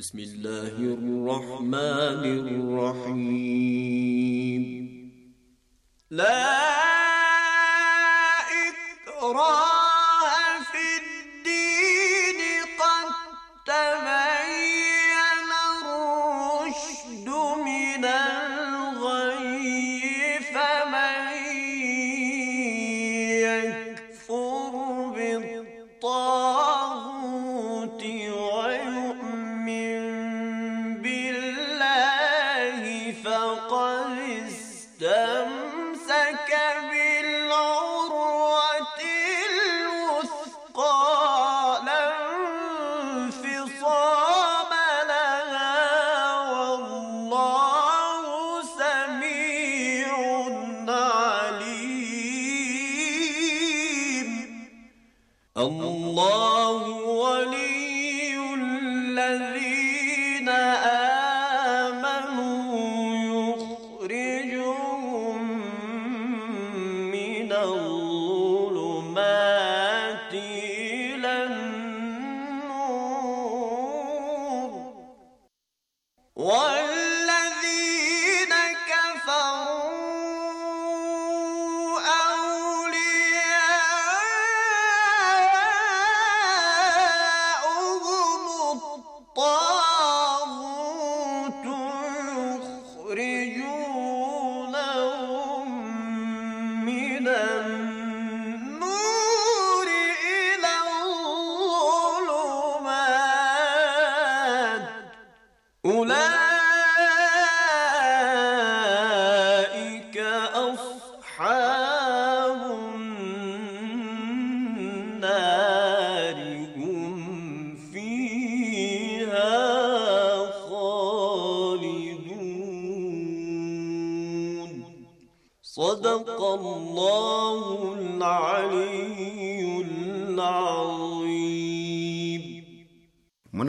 بسم الله الرحمن الرحيم لا إكراه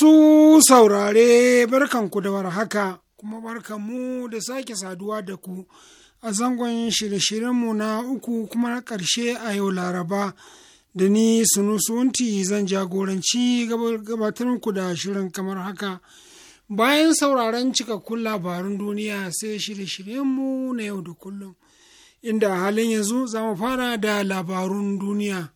Masu saurare barkanku da warhaka kuma barkanmu da sake saduwa da ku a zangon shirye-shiryenmu na uku kuma na ƙarshe a yau Laraba da ni sunusunti zan jagoranci gabatar ku da shirin kamar haka. Bayan sauraron cikakkun labarun duniya sai shirye-shiryenmu na yau da kullum, inda halin yanzu za mu fara da labarun duniya.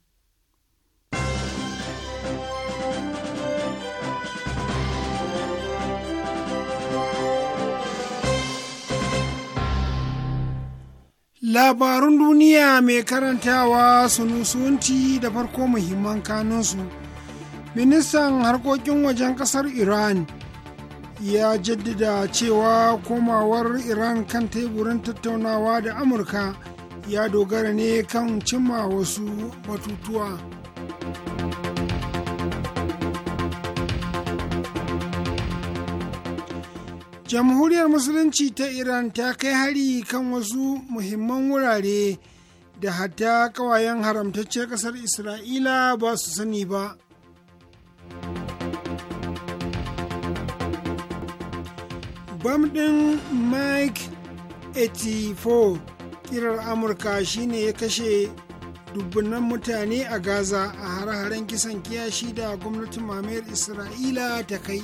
labarun duniya mai karantawa sunusunti da farko muhimman kanunsu ministan harkokin wajen kasar iran ya jaddada cewa komawar iran kan teburin tattaunawa da amurka ya dogara ne kan cimma wasu batutuwa. jamhuriyar musulunci ta iran ta kai hari kan wasu muhimman wurare da hatta kawayen haramtaccen kasar isra'ila ba su sani ba bam ɗin mike 84 kirar amurka shine ya kashe dubbunan mutane a gaza a hare-haren kisan kiyashi da gwamnatin mamayar isra'ila ta kai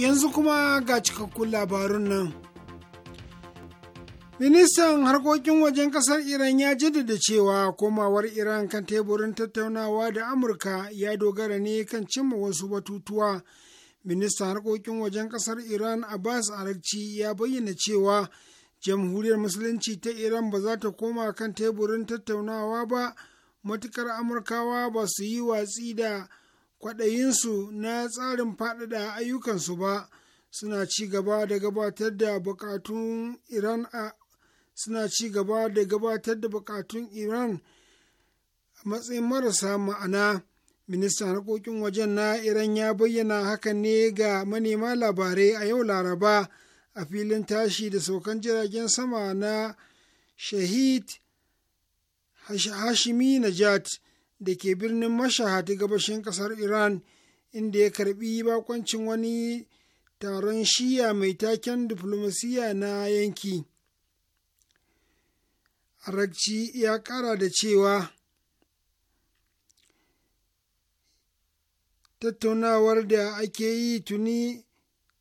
yanzu kuma ga cikakkun labarun nan ministan harkokin wajen kasar iran ya jaddada cewa komawar iran kan teburin tattaunawa da amurka ya dogara ne kan cimma wasu batutuwa ministan harkokin wajen kasar iran abbas arakci ya bayyana cewa jamhuriyar musulunci ta iran ba za ta koma kan teburin tattaunawa ba matukar amurkawa ba su yi watsi da kwaɗayinsu na tsarin faɗaɗa ayyukansu ba suna ci gaba da gabatar da buƙatun iran a suna ci gaba da gabatar da bukatun iran a matsayin marasa ma'ana ministan harkokin wajen na iran ya bayyana hakan ne ga manema labarai a yau laraba a filin tashi da saukan jiragen sama na shahid hashimi najat da ke birnin mashaha ta gabashin kasar iran inda ya karbi bakoncin wani taron shiya mai taken diflomasiya na yanki arakci ya kara da cewa tattaunawar da ake yi tuni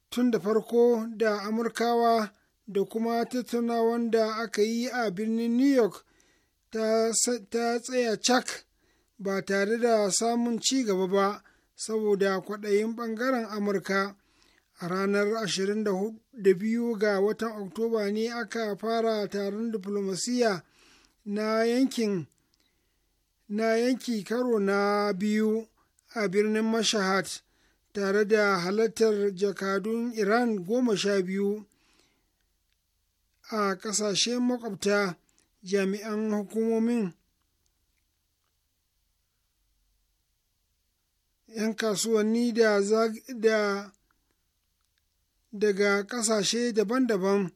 tun da farko da amurkawa da kuma tattaunawar da aka yi a birnin new york ta tsaya cak ba tare da samun ci gaba ba saboda kwaɗayin ɓangaren amurka a ranar 22 ga watan oktoba ne aka fara taron diflomasiyya na yankin na yanki karo na biyu a birnin mashahat tare da halartar jakadun iran goma sha biyu a ƙasashe makwabta jami'an hukumomin ‘yan kasuwanni da daga ƙasashe daban-daban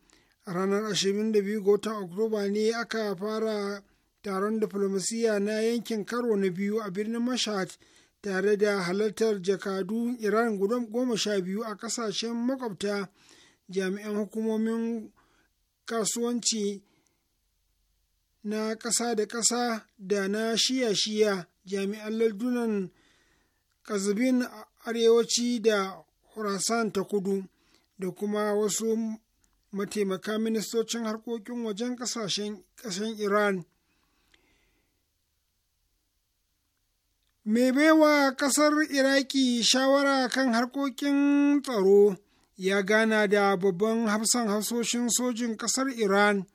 a ranar 22 ga watan Oktoba ne aka fara taron diflomasiyya na yankin karo na biyu a birnin Mashhad tare da halartar jakadu Iran goma sha biyu a ƙasashen makwabta jami'an hukumomin kasuwanci na ƙasa da ƙasa da na shiya-shiya jami'an lardunan kazbin arewaci da horasan ta kudu da kuma wasu mataimaka ministocin harkokin wajen kasashen ƙasashen Iran. Mai baiwa ƙasar Iraki shawara kan harkokin tsaro ya gana da babban hafsan hasoshin sojin ƙasar Iran,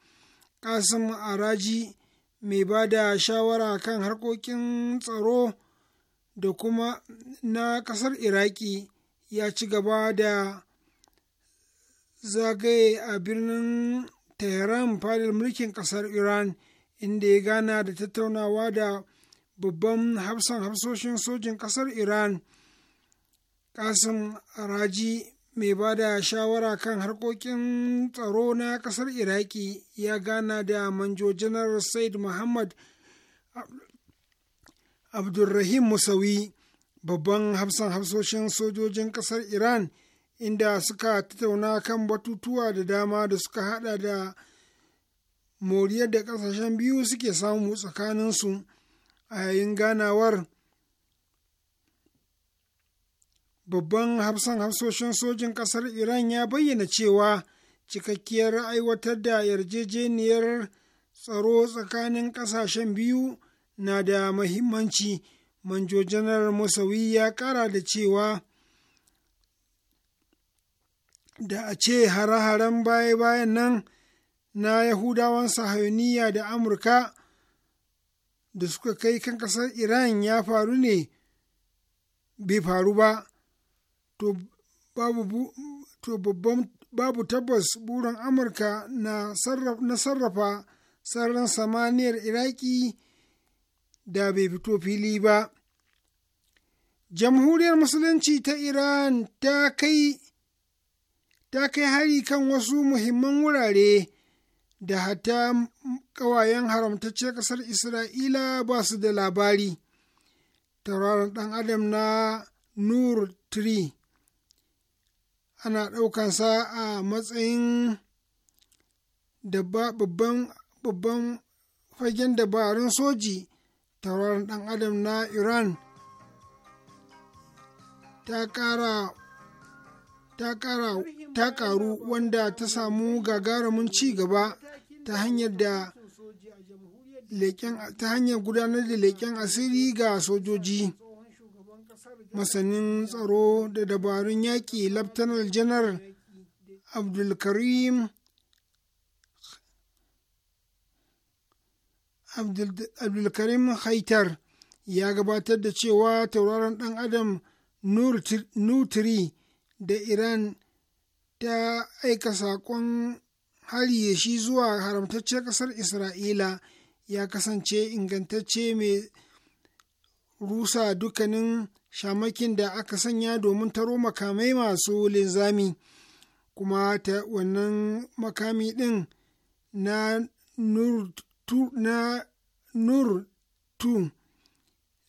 Kasim Araji, mai ba da shawara kan harkokin tsaro. da kuma na ƙasar iraki ya ci gaba da zagaye a birnin tehran fadar mulkin ƙasar iran inda ya gana da tattaunawa da babban hafsan hafsoshin sojin ƙasar iran kasim raji mai ba da shawara kan harkokin tsaro na ƙasar iraki ya gana da manjo janar said muhammad abdulrahim musawi babban hafsan hafsoshin sojojin ƙasar iran inda suka tattauna kan batutuwa da dama da suka haɗa da moriyar da ƙasashen biyu suke samu tsakaninsu a yayin ganawar babban hafsan hafsoshin sojin ƙasar iran ya bayyana cewa cikakkiyar aiwatar da yarjejeniyar tsaro tsakanin ƙasashen biyu na da mahimmanci manjo janar masawi ya kara da cewa da a ce hare-haren baya-bayan nan na yahudawan sahayoniya da amurka da suka kai kan kasar iran ya faru ne bai faru ba to babu, babu tabbas burin amurka na sarrafa sararin samaniyar iraki da bai fito fili ba jamhuriyar musulunci ta iran ta kai ta kai hari kan wasu muhimman wurare da hata ƙawayen haramtacciyar ƙasar isra'ila ba su da labari tauraron ɗan adam na nur tree ana ɗaukansa a matsayin babban fagen dabarun soji tauraron dan adam na iran ta karu ƙaru wanda ta samu gagarumin ci gaba ta hanyar da ta hanyar gudanar da leƙen asiri ga sojoji masanin tsaro da dabarun yaƙi laftanar janar abdulkarim abdulkarim haitar ya gabatar da cewa tauraron dan adam nutri da iran ta aika saƙon hari shi zuwa haramtacciyar ƙasar isra'ila ya kasance ingantacce mai rusa dukkanin shamakin da aka sanya domin taro makamai masu linzami kuma ta wannan makami ɗin na na nur tu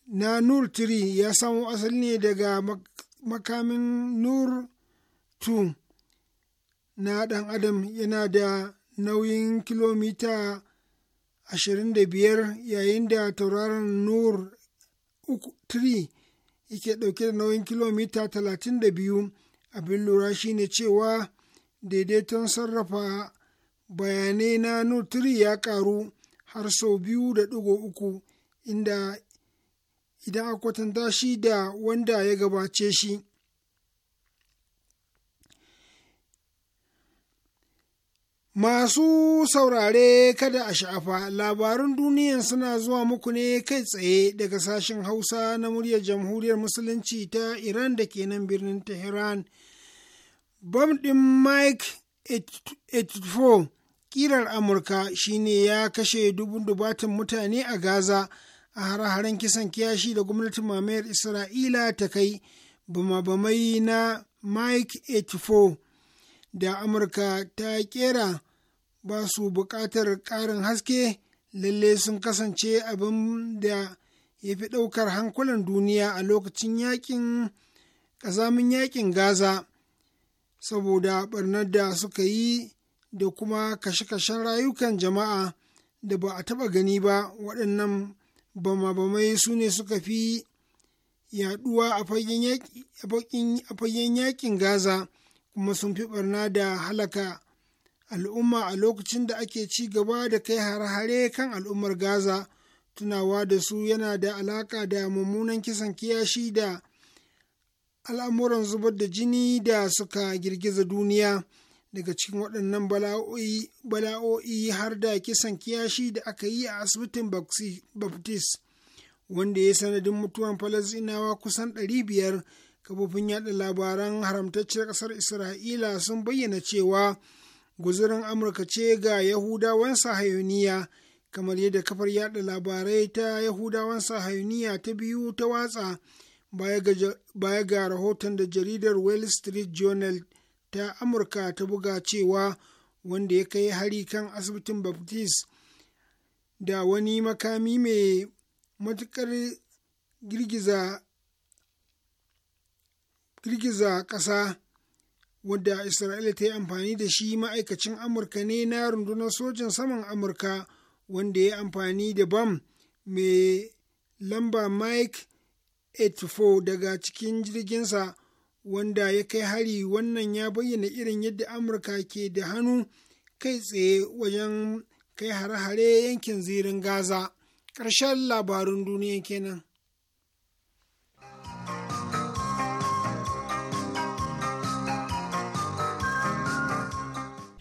na nur tiri ya samo asali ne daga makamin nur tu na ɗan adam yana da nauyin kilomita 25 yayin da tauraron nur 3 yake ɗauke da nauyin kilomita 32 abin lura shine cewa daidaiton sarrafa bayanai na nur 3 ya karu. har sau biyu da ɗigo uku inda idan a kwatanta shi da wanda ya gabace shi Masu saurare kada a sha'afa labarun duniyan suna zuwa muku ne kai tsaye daga sashen Hausa na muryar Jamhuriyar Musulunci ta Iran da ke nan birnin Tehran. Bam ɗin Mike 84 ƙirar amurka shine ya kashe dubun dubatan mutane a gaza a hare-haren kisan kiyashi da gwamnatin mamayar isra'ila ta kai bama na mike 84 da amurka ta kera ba su buƙatar ƙarin haske lalle sun kasance abin da ya fi ɗaukar hankulan duniya a lokacin yakin ƙazamin yakin gaza saboda ɓarnar da suka yi da kuma kashe-kashen rayukan jama'a da ba a taɓa gani ba waɗannan bama-bamai su ne suka fi yaɗuwa a fagen yaƙin gaza kuma sun fi ɓarna da halaka al'umma a lokacin da ake ci gaba da kai har hare kan al'ummar gaza tunawa da su yana da alaƙa da mummunan kisan kiyashi da al'amuran zubar da jini da suka girgiza duniya daga cikin waɗannan bala'o'i har da kisan kiyashi da aka yi a asibitin baptist wanda ya sanadin mutuwan falasinawa kusan ɗari biyar, kafofin yada labaran haramtacciyar ƙasar isra'ila sun bayyana cewa guzurin amurka ce ga yahudawan sahayoniya kamar yadda kafar yada labarai ta yahudawan sahayoniya ta biyu ta watsa baya ga rahoton da jaridar wall street journal ta amurka ta buga cewa wanda ya kai hari kan asibitin baptist da wani makami mai matuƙar girgiza girgiza ƙasa wadda isra'ila ta yi amfani da shi ma'aikacin amurka ne na rundunar sojan saman amurka wanda ya amfani da bam mai lamba mike 84 daga cikin jirginsa wanda ya kai hari wannan ya bayyana irin yadda amurka ke da hannu kai tsaye wajen kai hare-hare yankin zirin gaza ƙarshen labarun duniya kenan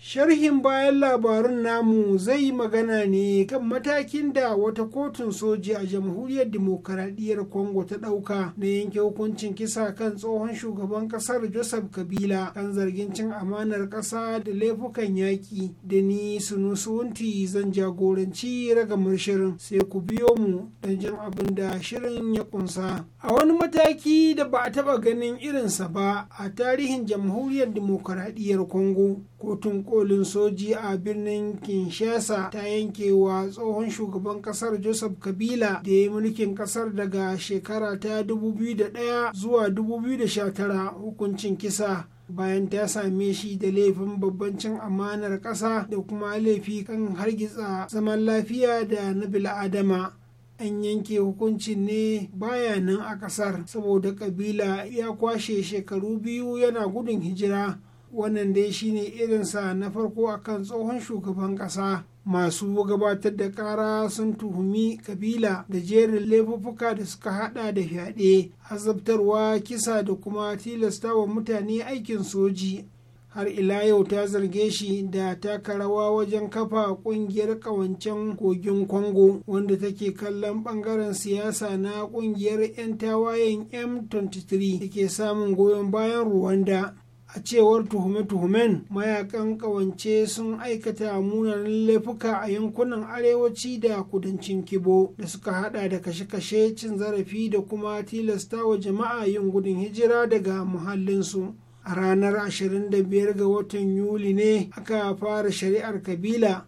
sharhin bayan labarun namu zai yi magana ne kan matakin da wata kotun soji a jamhuriyar demokaradiyyar Kongo ta ɗauka na yanke hukuncin kisa kan tsohon shugaban ƙasar joseph kabila kan zargin cin amanar ƙasa da laifukan yaƙi da ni sunusunti zan jagoranci ragamar shirin sai ku biyo mu don jin abin da shirin ya kunsa a wani mataki da ba a taɓa ganin irinsa ba a tarihin jamhuriyar demokaradiyyar congo kotun kolin soji a birnin kinshasa ta yanke wa tsohon shugaban kasar joseph kabila da ya yi mulkin kasar daga shekara ta 2001 zuwa 2019 hukuncin kisa bayan ta same shi da laifin babban cin amanar ƙasa da kuma laifi kan hargitsa zaman lafiya da na bil'adama an yanke hukuncin ne bayanan a ƙasar saboda kabila ya kwashe shekaru biyu yana gudun hijira wannan dai shine irinsa na farko akan tsohon shugaban ƙasa masu gabatar da kara sun tuhumi kabila da jerin laifuffuka da suka hada da fyaɗe azabtarwa kisa da kuma tilasta wa mutane aikin soji har ila yau ta zarge shi da taka rawa wajen kafa kungiyar kawancen kogin kwango wanda take kallon bangaren siyasa na kungiyar 'yan tawayen m23 da ke samun goyon bayan rwanda a cewar tuhume-tuhumen mayakan kawance sun aikata munanan laifuka a yankunan arewaci da kudancin kibo da suka hada da kashe-kashe cin zarafi da kuma tilasta wa jama'a yin gudun hijira daga muhallinsu a ranar 25 ga watan yuli ne aka fara shari'ar kabila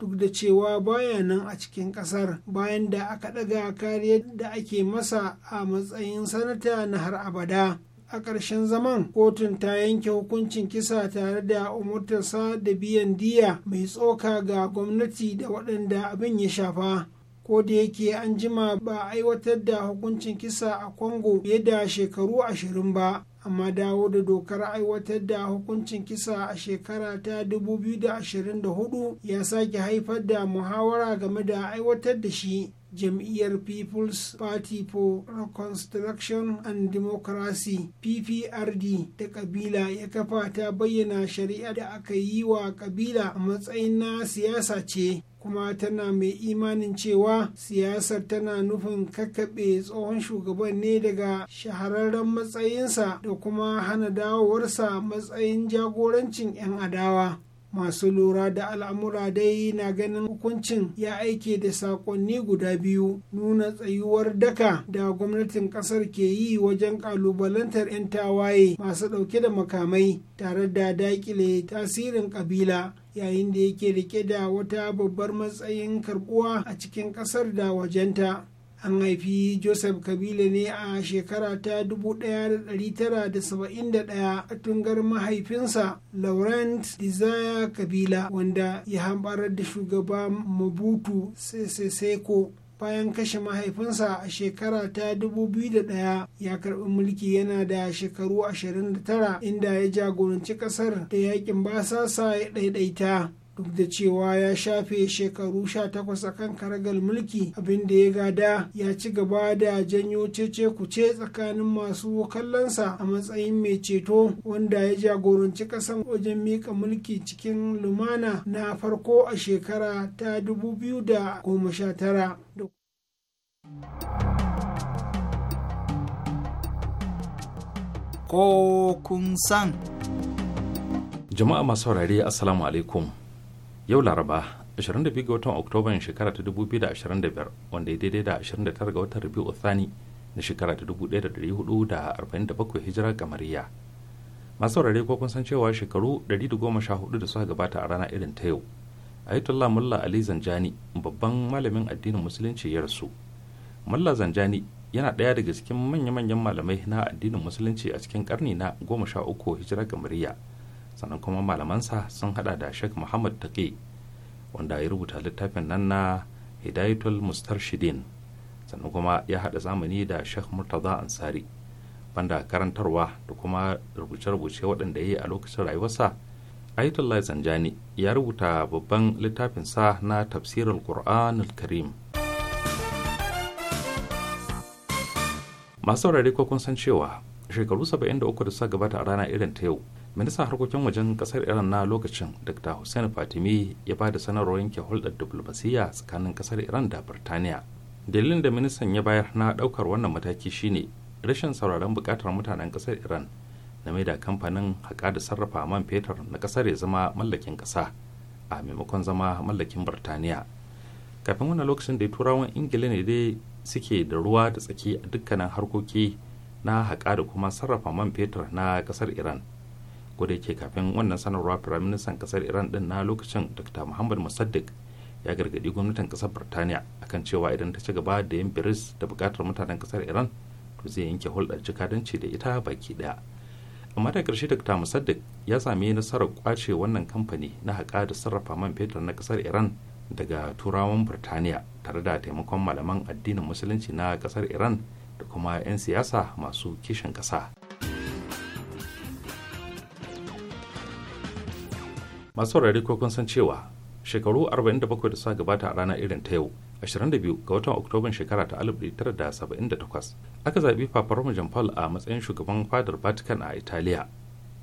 duk da cewa baya nan a cikin kasar bayan da aka daga kariyar da ake masa a matsayin sanata na har abada a ƙarshen zaman kotun ta yanke hukuncin kisa tare da umurtarsa da biyan diya mai tsoka ga gwamnati da waɗanda abin ya shafa ko da yake an jima ba aiwatar da hukuncin kisa a congo fiye da shekaru ashirin ba amma dawo da dokar aiwatar da hukuncin kisa a shekara ta 2024 ya sake haifar da muhawara game da aiwatar da shi jam'iyyar people's party for reconstruction and democracy pprd da kabila ya kafa ta bayyana shari'a da aka yi wa kabila a matsayin na siyasa ce kuma tana mai imanin cewa siyasar tana nufin kakkaɓe tsohon shugaban ne daga shahararren matsayinsa da kuma hana dawowarsa matsayin jagorancin 'yan adawa masu lura da al'amura dai na ganin hukuncin ya aike da sakonni guda biyu nuna tsayuwar daka da gwamnatin kasar ke yi wajen kalubalantar 'yan tawaye masu ɗauke da makamai tare da dakile tasirin ƙabila, yayin da yake rike da wata babbar matsayin karbuwa a cikin kasar da wajenta an haifi joseph kabila ne a shekara ta 1971 a tungar mahaifinsa laurent desire kabila wanda ya hambarar da shugaba mabutu seseko bayan kashe mahaifinsa a shekara ta 2001 ya karbi mulki yana da shekaru 29 inda ya jagoranci kasar da yakin basasa ya ɗaiɗaita duk da cewa ya shafe shekaru sha takwas a kan karagar mulki abin da ya gada ya ci gaba da janyo cece kuce tsakanin masu kallonsa a matsayin mai ceto wanda ya jagoranci kasan wajen mika mulki cikin lumana na farko a shekara ta da 2019 ko kun san jama'a masu saurare assalamu alaikum yau laraba 22 ga watan oktoba shekara ta 2025 wanda ya daidai da 29 ga watan rabi'u thani na shekara ta 1447 hijira kamariya masu saurare ko kun san cewa shekaru 114 da suka gabata a rana irin ta yau ayatollah mulla ali zanjani babban malamin addinin musulunci ya rasu mulla zanjani yana ɗaya daga cikin manya-manyan malamai na addinin musulunci a cikin karni na 13 hijira ga Mariya. sannan kuma malamansa sun hada da sheikh muhammad taqi wanda ya rubuta littafin nan na hidayatul mustarshidin sannan kuma ya hada zamani da sheikh murtaza ansari banda karantarwa da kuma rubuce-rubuce waɗanda ya yi a lokacin rayuwarsa ayatollah zanjani ya rubuta babban littafinsa na tafsirar qur'an karim masu saurari ko san cewa shekaru 73 da suka gabata a rana irin ta yau ministan harkokin wajen kasar iran na lokacin dr hussein fatimi ya ba da sanarwar yanke hulɗar diflomasiyya tsakanin kasar iran da birtaniya dalilin da ministan ya bayar na ɗaukar wannan mataki shine rashin sauraron buƙatar mutanen kasar iran na mai da kamfanin haƙa da sarrafa man fetur na kasar ya zama mallakin ƙasa a maimakon zama mallakin birtaniya kafin wannan lokacin da turawan ingila ne dai suke da ruwa da tsaki a dukkanin harkoki na haƙa da kuma sarrafa man fetur na kasar iran da yake kafin wannan sanarwa firaministan kasar iran din na lokacin dr muhammad musaddiq ya gargadi gwamnatin kasar birtaniya akan cewa idan ta ci gaba da yin biris da bukatar mutanen kasar iran to zai yanke hulɗar jikadanci da ita baki daya amma da ƙarshe dr musaddiq ya sami nasarar kwace wannan kamfani na haƙa da sarrafa man fetur na kasar iran daga turawan birtaniya tare da taimakon malaman addinin musulunci na kasar iran da kuma 'yan siyasa masu kishin ƙasa. masu saurari ko kun san cewa shekaru 47 da suka gabata a ranar irin ta yau 22 ga watan oktoban shekara ta 1978 aka zaɓi papa roma jean paul a matsayin shugaban fadar vatican a italiya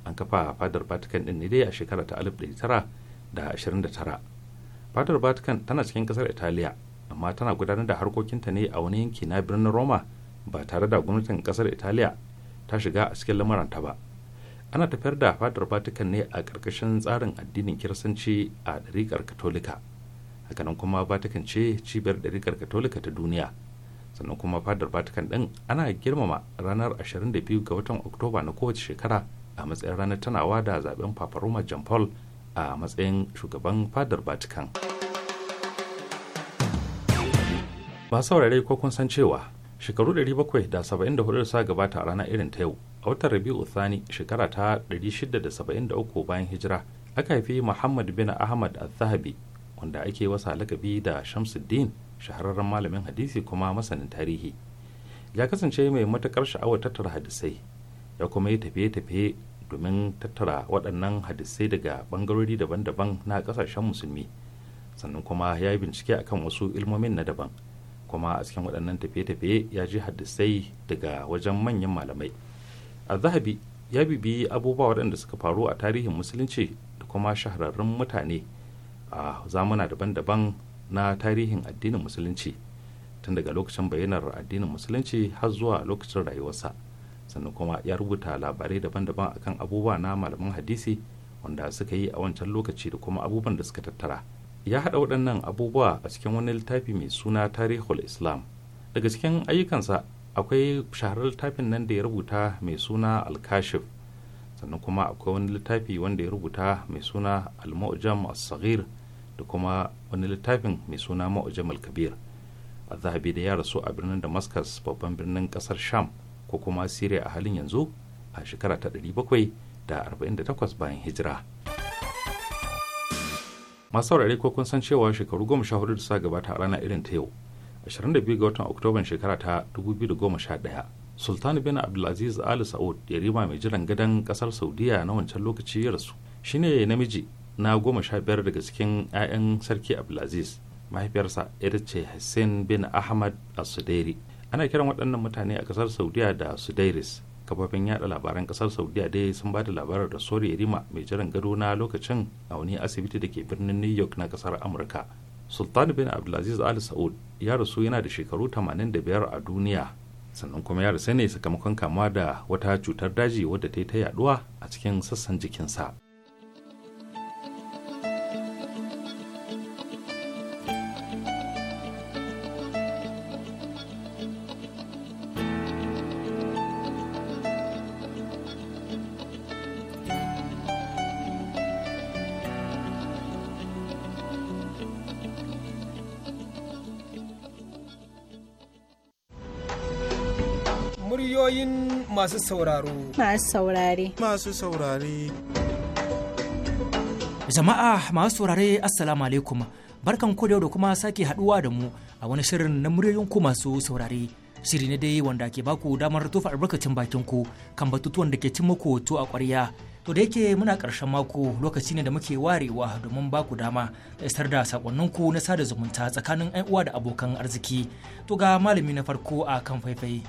an kafa fadar vatican din ne dai a shekara ta 1929 fadar vatican tana cikin kasar italiya amma tana gudanar da harkokinta ne a wani yanki na birnin roma ba tare da gwamnatin kasar italiya ta shiga a cikin lamuranta ba ana tafiyar da fadar vatican ne a ƙarƙashin tsarin addinin kirsanci a ɗariƙar katolika hakanan kuma vatican ce cibiyar ɗariƙar katolika ta duniya sannan kuma fadar vatican ɗin ana girmama ranar 22 ga watan oktoba na kowace shekara a matsayin ranar tanawa da zaben papa roma john paul a matsayin shugaban fadar vatican ba saurare ko kun san cewa shekaru 774 da sa gabata a rana irin ta yau a watan rabi'u thani shekara ta 673 bayan hijira aka haifi muhammad bin ahmad al-zahabi wanda ake wasa lakabi da shamsuddin shahararren malamin hadisi kuma masanin tarihi ya kasance mai matakar sha'awar tattara hadisai ya kuma yi tafiye-tafiye domin tattara waɗannan hadisai daga ɓangarori daban-daban na ƙasashen musulmi sannan kuma ya yi bincike akan wasu ilmomin na daban kuma a cikin waɗannan tafiye-tafiye ya ji hadisai daga wajen manyan malamai a zahabi ya bibiyi abubuwa waɗanda suka faru a tarihin musulunci da kuma shahararrun mutane a zamana daban-daban na tarihin addinin musulunci tun daga lokacin bayyanar addinin musulunci har zuwa lokacin rayuwarsa sannan kuma ya rubuta labarai daban-daban akan abubuwa na malaman hadisi wanda suka yi a wancan lokaci da kuma abubuwan da suka tattara ya haɗa waɗannan abubuwa a cikin wani littafi mai suna tarihul islam daga cikin ayyukansa akwai shaharar littafin nan da ya rubuta mai suna alkashif sannan kuma akwai wani littafi wanda ya rubuta mai suna al-mu'jam as-saghir da kuma wani littafin mai suna mu'jam al-kabir zahabi da ya rasu a birnin damascus babban birnin kasar sham ko kuma syria a halin yanzu a shekara ta da 748 bayan hijira masu saurare ko kun san cewa shekaru goma sha hudu da sa gabata a rana irin ta yau 22 ga watan oktoban shekara ta 2011 sultan bin abdulaziz ali sa'ud yarima mai jiran gadon kasar saudiya na wancan lokaci ya rasu shine namiji na goma sha biyar daga cikin 'ya'yan sarki abdulaziz mahaifiyarsa ita ce hussein bin ahmad Sudairi. ana kiran waɗannan mutane a kasar saudiya da sudairis Kafafen yada labaran kasar saudiya dai sun ba da labarar da sori rima mai jiran gado na lokacin a wani asibiti da ke birnin new york na kasar amurka sultan bin abdulaziz ali sa'ud ya rasu yana da shekaru 85 a duniya sannan kuma ya rasu ne sakamakon kamuwa da wata cutar daji wadda ta yi ta yaduwa a cikin sassan jikinsa masu sauraro masu saurare masu saurare jama'a masu saurare assalamu alaikum barkan ku da kuma sake haduwa da mu a wani shirin na muryoyin ku masu saurare shiri ne dai wanda ke baku damar tofa albarkacin bakin ku kan batutuwan da ke cin muku to a ƙwarya to da yake muna ƙarshen mako lokaci ne da muke warewa domin baku dama da isar da sakonninku na sada zumunta tsakanin 'yan uwa da abokan arziki to ga malami na farko a kan faifai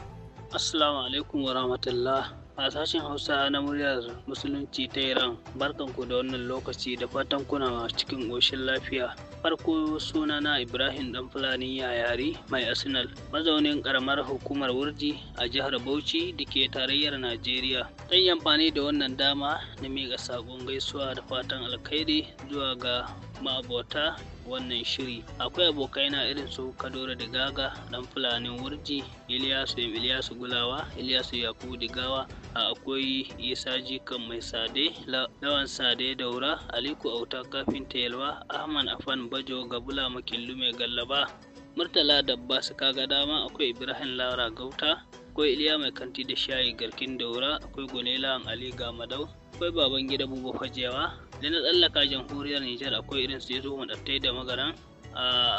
Assalamu alaikum wa rahmatullah. A sashen Hausa na muryar Musulunci ta Iran, barkan ku da wannan lokaci da fatan kuna cikin ƙoshin lafiya. Farko sunana Ibrahim Dan Fulani Yayari mai Arsenal, mazaunin ƙaramar hukumar Wurji a jihar Bauchi da ke tarayyar Najeriya. Zan yi amfani da wannan dama na mika saƙon gaisuwa da fatan alkhairi zuwa ga ma'abota wannan shiri akwai abokai na irin su kadoro da gaga dan fulani wurji iliyasu iliyasu gulawa iliyasu yakubu digawa a akwai isa jikan mai sade lawan sade daura aliku auta kafin yalwa ahman afan bajo gabula makillu mai gallaba murtala dabba su kaga dama akwai ibrahim lara gauta akwai iliya mai kanti da shayi garkin daura akwai gulela ali gamadau akwai baban gida buba fajewa da na tsallaka jamhuriyar nijar akwai irin su yazo madattai da magaran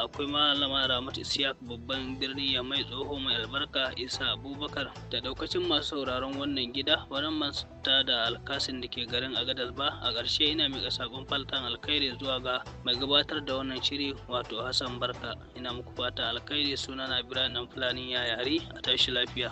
akwai malama ramatu isiyak babban birni ya mai tsoho mai albarka isa abubakar da daukacin masu sauraron wannan gida wannan masu da alkasin da ke garin agadas ba a ƙarshe ina miƙa sakon faltan alkhairi zuwa ga mai gabatar da wannan shiri wato hassan barka ina muku fata alkhairi sunana ibrahim fulani ya yari a tashi lafiya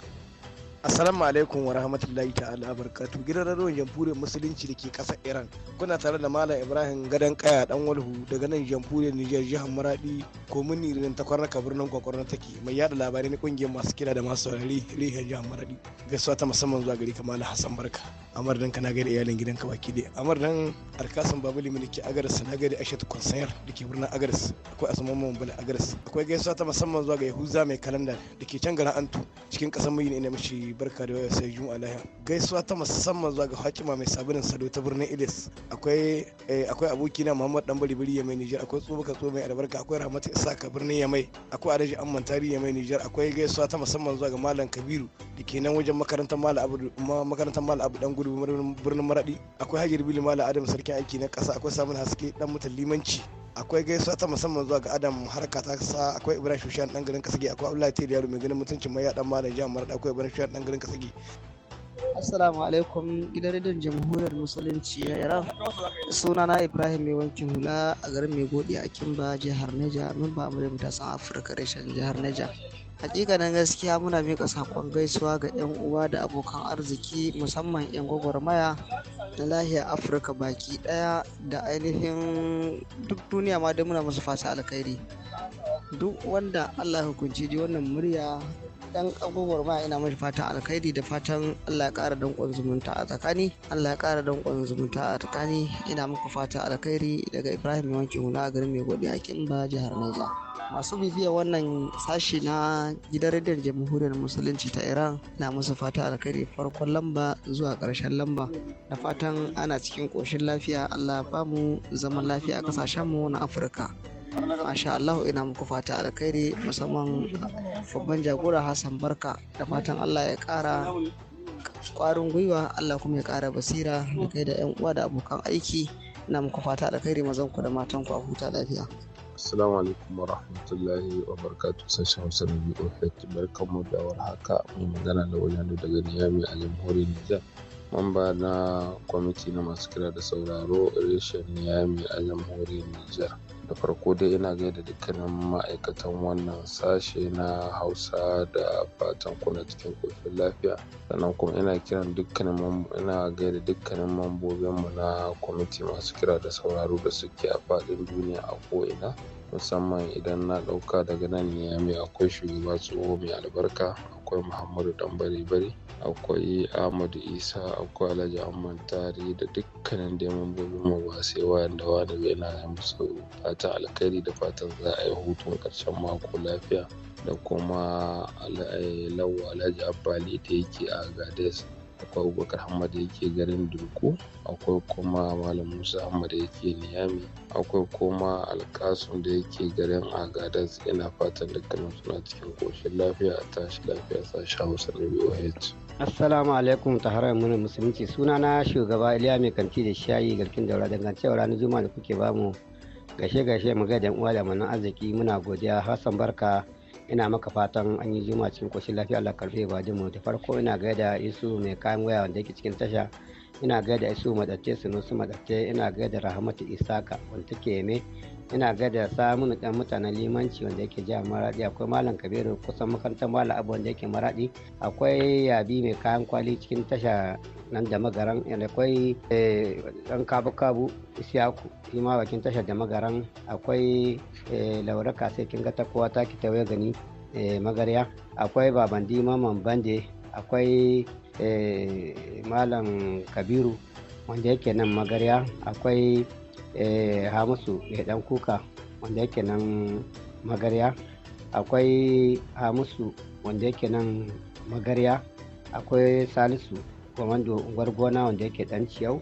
Assalamu alaikum wa rahmatullahi ta'ala barkatu gidan radon jamhuriyar musulunci da ke ƙasar Iran. Kuna tare da Malam Ibrahim gadon Kaya dan Walhu daga nan jamhuriyar Nijar jihar Maradi komini irin ta kwarnaka birnin kwakwarna take mai yada labarai na kungiyar masu kira da masu saurari rihiyar jihar Maradi. Gaisuwa ta musamman zuwa gari kamar Hassan Barka. amar dan kana gari iyalin gidanka baki dai amar dan alkasan babu limin ke agaris na gaida ashatu konsayar da ke birnin agaris akwai asuman mambala agaris akwai gaisuwa ta musamman zuwa ga yahuza mai kalanda da ke can garin antu cikin kasar mai ne mashi barka da waya sai juma'a lahiya gaisuwa ta musamman zuwa ga hakima mai sabunin sado ta birnin ilis akwai eh, akwai abokina muhammad dan balibiri ya mai nijar akwai tsobaka tso mai albarka akwai rahmatu ka birnin yamai akwai adaji amman tari ya mai nijar akwai gaisuwa ta musamman zuwa ga malam kabiru da ke nan wajen makarantar malam abu makarantar malam abu dan gudu guru birnin maradi akwai hajjar bili mala adam sarkin aiki na kasa akwai samun haske dan mutan limanci akwai gaisuwa ta musamman zuwa ga adam harka ta sa akwai ibrahim shushan dan garin kasage akwai abdullahi tayi yaro mai ganin mutuncin mai dan malam jihar maradi akwai ibrahim shushan dan garin kasage Assalamu alaikum gidan rediyon jamhuriyar musulunci ya Iran. na Ibrahim mai wankin hula a garin mai godi a Kimba jihar Neja, mun ba mu da mutasan Afirka reshen jihar Neja. hakikanin gaskiya muna mika sakon gaisuwa ga 'yan uwa da abokan arziki musamman 'yan gwagwarmaya na lahiyar afirka baki ɗaya da ainihin duk duniya ma dai muna musu fasa alkhairi duk wanda allah hukunci ji wannan murya dan abubuwar ma ina mai fata alkhairi da fatan Allah ya kara dankon zumunta a tsakani Allah ya kara dankon zumunta a tsakani ina muku fata alkhairi daga Ibrahim yawanci Huna a garin Mai Godi a ba jihar Niger masu bibiya wannan sashi na gidan rediyon jamhuriyar musulunci ta iran na musu fata alkhairi farkon lamba zuwa karshen lamba da fatan ana cikin koshin lafiya allah ba mu zaman lafiya a mu na afirka masha Allah ina muku fata alkhairi musamman babban jagora Hassan Barka da fatan Allah ya ƙara kwarin gwiwa Allah kuma ya kara basira da kai da 'yan uwa da abokan aiki ina muku fata alkhairi mazan ku da matan ku a huta lafiya. Assalamu alaikum wa rahmatullahi wa barakatu sashen Hausa na BOH barkan mu da warhaka mu magana da wani daga Niyami a jamhuriyar Nijar. Mamba na kwamiti na masu kira da sauraro reshen Niyami a jamhuriyar Nijar. da farko dai ina gaida dukkanin ma'aikatan wannan sashe na hausa da fatan kuna cikin kofin lafiya sannan kuma ina kiran dukkanin ina gaida dukkanin mambobinmu na kwamiti masu kira da sauraro da suke a faɗin duniya a ko ina musamman idan na ɗauka daga nan mai akwai shugaba tsoho mai albarka akwai muhammadu ɗan bari akwai ahmadu isa akwai alhaji ahmad tari da dukkanin da mambobin mu ba sai wanda wanda bai na musu fatan alkhairi da fatan za a yi hutun karshen mako lafiya da kuma eh, alhaji abbali da yake a gades akwai abubakar hamad da yake garin durko akwai kuma malam musa hamad da yake niyami akwai kuma alkasun da yake garin agadas ina fatan dukkanin suna cikin koshin lafiya a tashi lafiya sha hausa na O.H. assalamu alaikum taharar muna musulunci suna na shugaba iliya mai kanti da shayi garkin daura dangancewa ranar juma'a da kuke bamu gashe gashe mu ga uwa da manan arziki muna godiya hassan barka ina maka fatan an yi juma cikin koshin lafiya Allah karfe ba jimu da farko ina gaida isu mai kayan waya wanda yake cikin tasha ina gaida isu madatte sunusu madatte ina gaida rahmatu isaka wanda take yeme ina gada samun dan mutanen limanci wanda yake jihar maradi akwai malam kabiru kusan makarantar malam abu wanda yake maradi akwai yabi mai kayan kwali cikin tasha nan da magaran akwai dan eh, kabu kabu isiyaku shi ma bakin tashar da magaran akwai eh, laura sai kin ga takowa ta ki tawaye gani eh, magarya akwai baban dima bande akwai malam kabiru wanda yake nan magarya akwai hamisu eh, ya dan kuka wanda yake nan magarya akwai hamisu wanda yake nan magarya akwai salisu kwamando unguwar gona wanda yake dan ciyau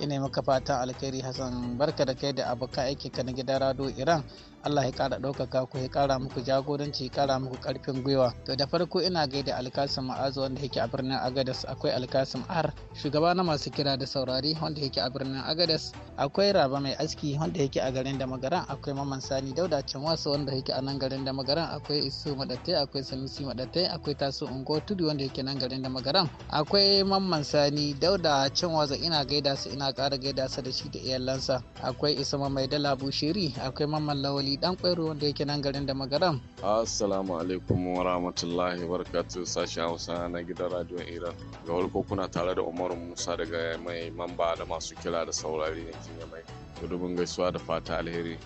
ina maka fatan alkhairi hassan barka da kai da abokan aiki ka na gidan rado iran Allah ya kara ɗaukaka ku ya kara muku jagoranci ya kara muku karfin gwiwa to da farko ina gaida alkasim ma'azu wanda yake a birnin agadas akwai alkasim ar shugaba na masu kira da saurari wanda yake a birnin agadas akwai raba mai aski wanda yake a garin da magaran akwai maman sani dauda wasu wanda yake a nan garin da magaran akwai isu madatai akwai sanusi madatai akwai tasu ungo tudu wanda yake nan garin da magaran akwai mamman sani dauda canwaza ina gaida su ina kara gaida su da shi da iyalansa akwai Isu mai dala bushiri akwai Maman lawali Ali Dan Kwairo wanda yake nan garin da magaram. Assalamu alaikum wa rahmatullahi wa barakatuh sashen Hausa na gidan Radio Iran. Ga farko kuna tare da Umar Musa daga mai mamba da masu kira da saurari yankin mai. Gudubin gaisuwa da fata alheri.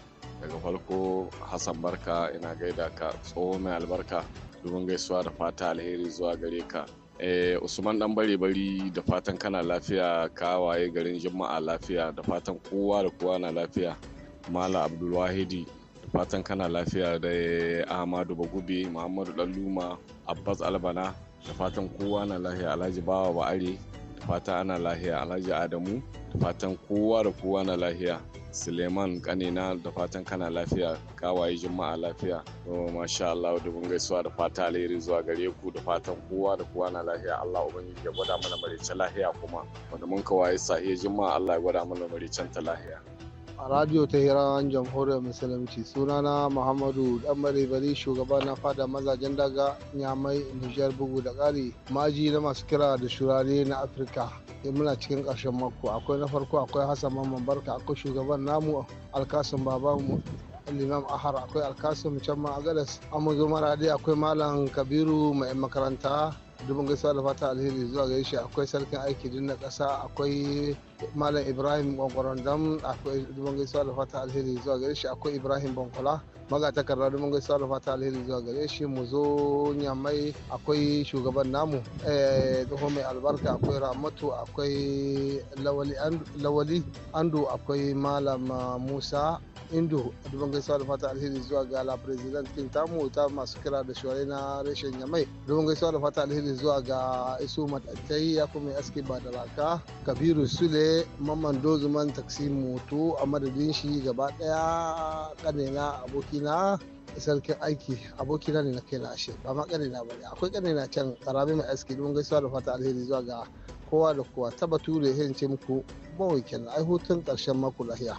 Daga farko Hassan Barka ina gaida ka tsoho mai albarka. Gudubin gaisuwa da fata alheri zuwa gare ka. Eh, usman dan bari bari da fatan kana lafiya ka waye garin juma'a lafiya da fatan kowa da kowa na lafiya mala abdulwahidi fatan kana lafiya da ahmadu bagube muhammadu ɗanluma abbas albana da fatan kowa na lafiya alhaji bawa Ba'ari da fata ana lafiya alhaji adamu da fatan kowa da kowa na lafiya suleiman kanina da fatan kana lafiya kawaye jima'a lafiya to masha Allah da mun gaisuwa da fata alheri zuwa gare ku da fatan kowa da kowa na lafiya Allah ubangiji ya gwada mana marece lafiya kuma wanda mun kawaye sahiya jima'a Allah ya gwada mana marecen ta lafiya a radio ta hiran jamhuriyar musulunci sunana muhammadu dan maribari shugaba na fada mazajen daga nyamai nijar bugu da ƙari maji na masu kira da shurare na afirka eh, muna cikin ƙarshen mako akwai na farko akwai hassan mamman barka akwai shugaban namu alkasin babanmu limam ahar akwai alkasim can ma agadas Mara maradi akwai malam kabiru mai makaranta dubin gaisuwa da fata alheri zuwa gaishe akwai sarkin aiki dinna na ƙasa akwai malam ibrahim gwangwaron dam akwai dubban gaisuwa da fata alheri zuwa gare shi akwai ibrahim bankola magatakarda dubban gaisuwa da fata alheri zuwa gare shi mu zo nyamai akwai shugaban namu eh, tsoho mai albarka akwai ramatu akwai lawali andu akwai malam ah, musa indo dubban gaisuwa da fata alheri zuwa ga la president king tamu ta masu kira da shuwari na reshen yamai dubban gaisuwa da fata alheri zuwa ga isu matattai ya kuma aski ba da laka kabiru sule mamman dozuman taksi moto a madadin shi gaba daya kanina abokina sarkin aiki abokina ne na kai na ashe ba ma kanina ba ne akwai kanina can karami mai aski don gaisuwa da fata alheri zuwa ga kowa da kowa ta bature hin ce muku bon ai hutun karshen mako lahiya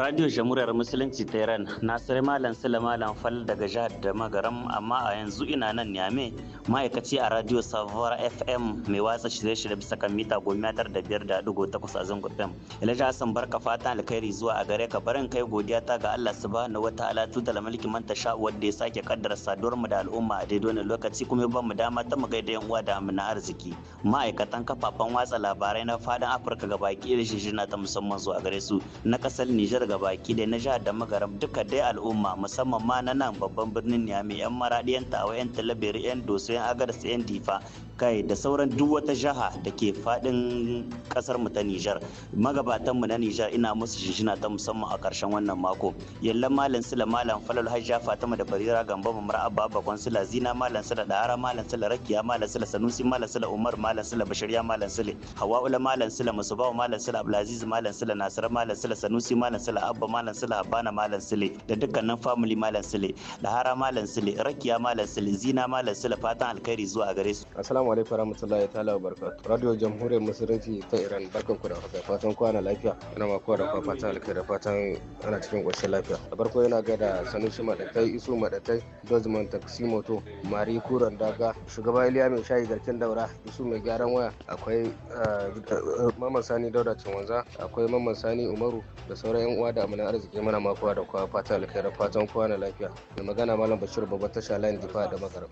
Radio Jamhuriyar Musulunci ta Iran Nasir Malam Sule Malam Fal daga jihar da Magaram amma a yanzu ina nan Niamey ma'aikaci a Radio Savar FM mai watsa shirye-shirye bisa kan mita goma tar da biyar da dugo takwas a zango FM. Ilaja Hassan barka fata alkhairi zuwa a gare ka barin kai godiya ta ga Allah su ba subhanahu wataala tutal mulki man tasha wanda ya sake kaddara saduwar mu da al'umma a daidai wannan lokaci kuma ba bamu dama ta mu gaida yan uwa da na arziki. Ma'aikatan kafafen watsa labarai na fadan Afirka gabaki da shirye na ta musamman zuwa gare su na kasar Nijar ƙasar ga baki da na jihar da magaram duka dai al'umma musamman ma na nan babban birnin Niamey yan maradi yan tawa yan talabiri yan doso yan agadas yan difa kai da sauran duk wata jiha da ke fadin kasar mu ta Nijar magabatan mu na Nijar ina musu shishina ta musamman a karshen wannan mako yalla malam sula malam falal hajja fatima da barira gamba mamar abba bakon sula zina malam sula Ara malam sula rakiya malam sula sanusi malam sula umar malam sula bashariya malam sula hawa'ula malam sula musubawa malam sula abdulaziz malam sula nasir malam sula sanusi malam sula sila abba malam sula habana malam sule da dukkanin family malam sule da hara malam sule rakiya malam sule zina malam sule fatan alkhairi zuwa gare su assalamu alaikum warahmatullahi ta'ala wabarakatuh radio jamhuriyar musulunci ta iran barkan ku da haka fatan kwana lafiya ina ma kowa da kwa fatan alkhairi da fatan ana cikin ƙoshin lafiya da farko yana ga da sanusi madatai isu madatai dozman moto mari kuran daga shugaba iliya mai shayi garkin daura isu mai gyaran waya akwai eh, mamman sani dauda cinwanza akwai mamman sani umaru da sauran yan uwa da amalin arziki muna makuwa da kowa fata alkhairi fatan kowa na lafiya mai magana malam bashir babban tasha layin difa da magaram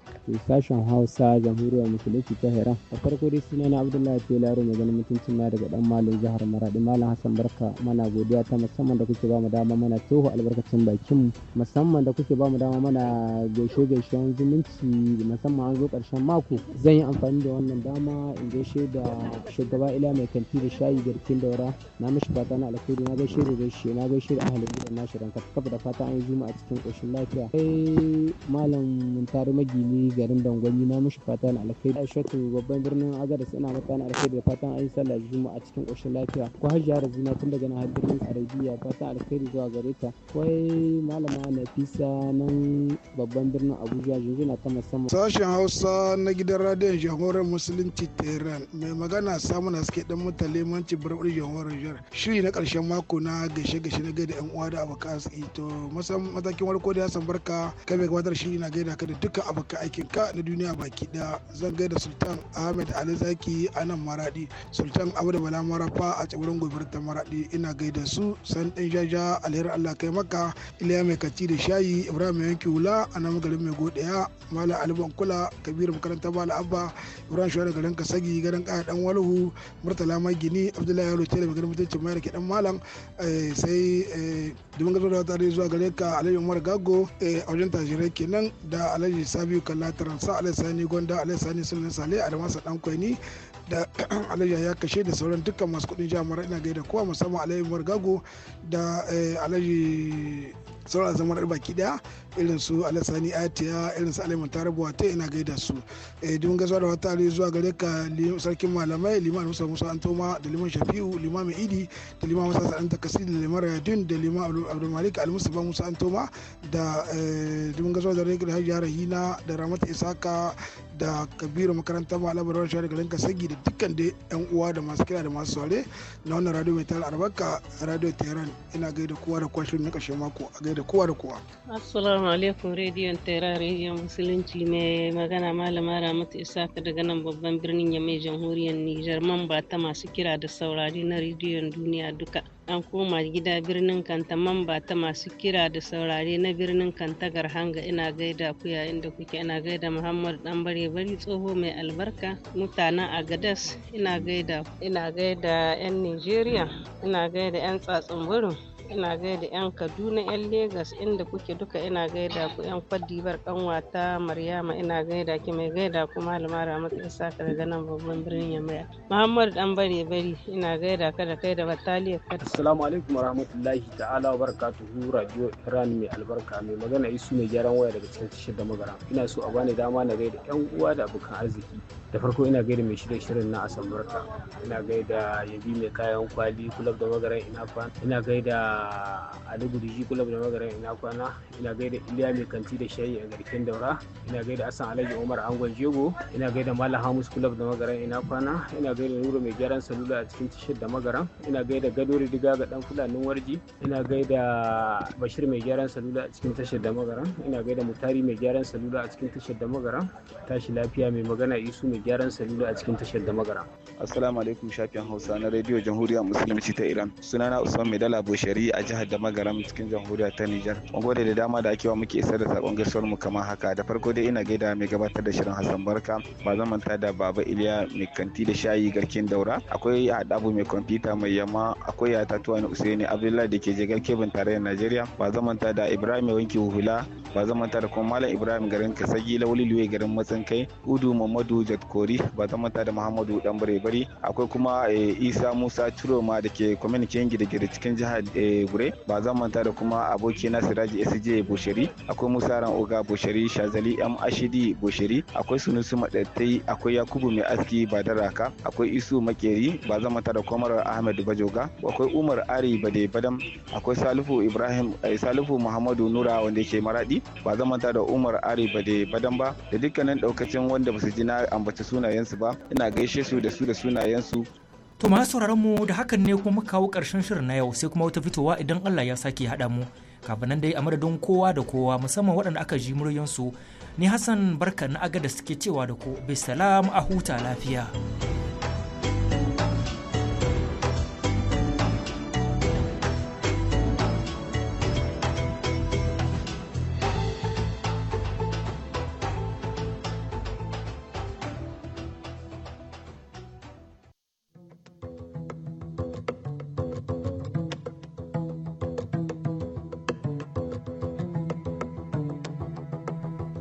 sashen hausa jamhuriyar musulunci ta hira a farko dai suna na abdullahi telaro mai ganin mutuncin na daga dan malam jihar maradi malam hassan barka mana godiya ta musamman da kuke ba mu dama mana toho albarkacin bakin musamman da kuke ba mu dama mana gaishe gaishen zumunci musamman an zo karshen mako zan yi amfani da wannan dama in gaishe da shugaba ila mai kanti da shayi garkin daura na mishi fata na alkhairi na gaishe da gaishe na gaishe da ahalin gidan nashi ka kafa da fata an yi juma a cikin koshin lafiya kai malam muntari magini garin dangwani na mishi fata na a shatu babban birnin agada ina mata na alkhairi da fatan an yi sallah juma a cikin koshin lafiya ko har jihar zina tun daga nan birnin arabiya fatan alkhairi zuwa gare ta kai malama nafisa nan babban birnin abuja jinjina ta musamman sashen hausa na gidan radiyon jamhuriyar musulunci tehran mai magana samun haske dan mutalemanci birnin jamhuriyar shiri na karshen mako na gaishe shi na gaida yan uwa da abokan arziki to musamman matakin warko da san barka kai mai gabatar shiri na gaida ka da dukkan abokan aikin ka na duniya baki da zan gaida sultan ahmed ali zaki a nan maradi sultan abu da bala marafa a tsibirin gobe ta maradi ina gaida su san dan jaja alherin allah kai maka iliya mai kaci da shayi ibrahim yanki wula a nan garin mai godaya malam alban kula kabiru makaranta bala abba ibrahim shawara garin kasagi garin kaya dan walhu murtala magini abdullahi yalo tele mai garin mutuncin mayar ke dan malam eh, sai domin eh, gazo da tare zuwa gare ka alhaji umar gago eh, a wajen tajirai kenan da alhaji sabiu kalla sa alhaji sani gonda alhaji sani sunan sale a damasa dan kwaini da alayya ya kashe da sauran dukkan masu kudin jami'ar ina gaida kowa musamman umar gago da eh, alayi sauran zamar baki daya irin su alasani atiya irin su aliman tarabuwa ta ina gaida su eh, dun gazuwa da wata ali zuwa gare ka sarkin malamai liman musa musa antoma da liman shafi'u liman mai idi da liman musa sa'an kasi da liman rayadun da liman abdulmalik almusufa musa antoma da eh, dun gazuwa da rege da hajiya rahina da ramata isaka da kabiru makarantar malamar rawar shari'a garin kasagi da dukkan da yan uwa da masu kira da masu saurare na wannan radio mai tara albarka radio tehran ina gaida kowa da kwashin na ƙarshen mako a da kowa da kowa. Assalamu alaikum rediyon tera rediyon musulunci mai magana malama Ramatu Isaka daga nan babban birnin Yamai jamhuriyar Nijar man ba ta masu kira da saurari na rediyon duniya duka. An koma gida birnin Kanta man ba ta masu kira da saurari na birnin Kanta Garhanga ina gaida ku yayin da kuke ina gaida Muhammad dan bare bari tsoho mai albarka mutanen Agadas ina ina gaida 'yan Nigeria ina gaida 'yan tsatsin burin ina gaida 'yan kaduna 'yan Legas inda kuke duka ina gaida ku 'yan kwadibar kanwata maryama ina gaida ki mai gaida ku malama ramatu isa daga nan babban birnin yamaya muhammad dan bare bari ina gaida ka da kai da bataliya assalamu alaikum warahmatullahi ta'ala wa barakatuhu radio iran mai albarka mai magana isu mai gyaran waya daga cikin tashar da ina so a bani dama na gaida 'yan uwa da abokan arziki da farko ina gaida mai shirye shirin na asambarka ina gaida yabi mai kayan kwali kulab da magaran ina ina gaida a Duguri ji kula da magaran ina kwana ina gaida Iliya mai kanti da shayi a garkin daura ina gaida asan Alhaji Umar Angon Jego ina gaida Malam Hamus kula da magaran ina kwana ina gaida Nuru mai gyaran salula a cikin tashar da magaran ina gaida Gadori Diga ga dan fulanin warji ina gaida Bashir mai gyaran salula a cikin tashar da magaran ina gaida Mutari mai gyaran salula a cikin tashar da magaran tashi lafiya mai magana Isu mai gyaran salula a cikin tashar da magaran Assalamu alaikum shafin Hausa na Radio Jamhuriyar Musulunci ta Iran sunana Usman dala bushari a jihar da Magaram cikin jamhuriya ta Nijar. Mun gode da dama da ake wa muke isar da sakon gaisuwar mu kamar haka. Da farko dai ina gaida mai gabatar da shirin Hassan Barka, ba zan manta da Baba Iliya mai kanti da shayi garkin daura. Akwai Adabu mai kwamfuta mai yamma, akwai Yata Tuwani Usaini Abdullahi da ke jigar kebin tarayyar Najeriya. Ba zan manta da Ibrahim mai wanki huhula, ba zan manta da kuma Malam Ibrahim garin Kasagi Lawli Luwe garin Matsin Kai, Udu Muhammadu Jatkori, ba zan manta da Muhammadu Dan Bari, akwai kuma eh, Isa Musa Turoma da ke kwamitin gida-gida cikin jihar eh, gure ba zan manta da kuma aboki na siraji sj bushiri akwai musa ran oga bushiri shazali m ashidi bushiri akwai sunusu madattai akwai yakubu mai aski badaraka akwai isu makeri ba zan manta da kwamar ahmed bajoga akwai umar ari bade badam akwai salifu ibrahim eh, salifu muhammadu nura wanda yake maradi ba zan manta da umar ari bade badam ba da dukkanin daukacin wanda basu ji na ambaci sunayensu ba ina gaishe su da su da sunayensu To masu sauraron mu da hakan ne kuma kawo ƙarshen shirin na yau sai kuma wata fitowa idan Allah ya sake haɗa mu. Kafin nan dai a madadin kowa da kowa musamman waɗanda aka ji muryansu ni Hassan barka na aga suke cewa da ku bisalam a huta lafiya.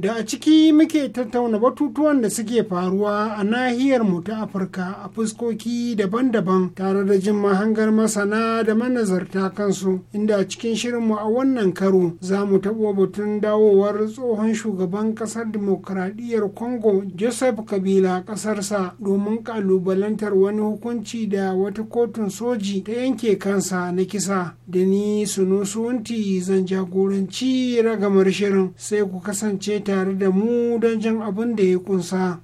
da a ciki muke tattauna batutuwan da suke faruwa a nahiyar mu ta afirka a fuskoki daban-daban tare da jin mahangar masana da manazarta kansu inda a cikin shirinmu a wannan karo za mu taɓo batun dawowar tsohon shugaban ƙasar dimokuraɗiyyar congo joseph kabila ƙasarsa domin ƙalubalantar wani hukunci da wata kotun soji ta yanke kansa na kisa da ni sunusunti zan jagoranci ragamar shirin sai ku kasance tare da mu don jan abin da ya kunsa.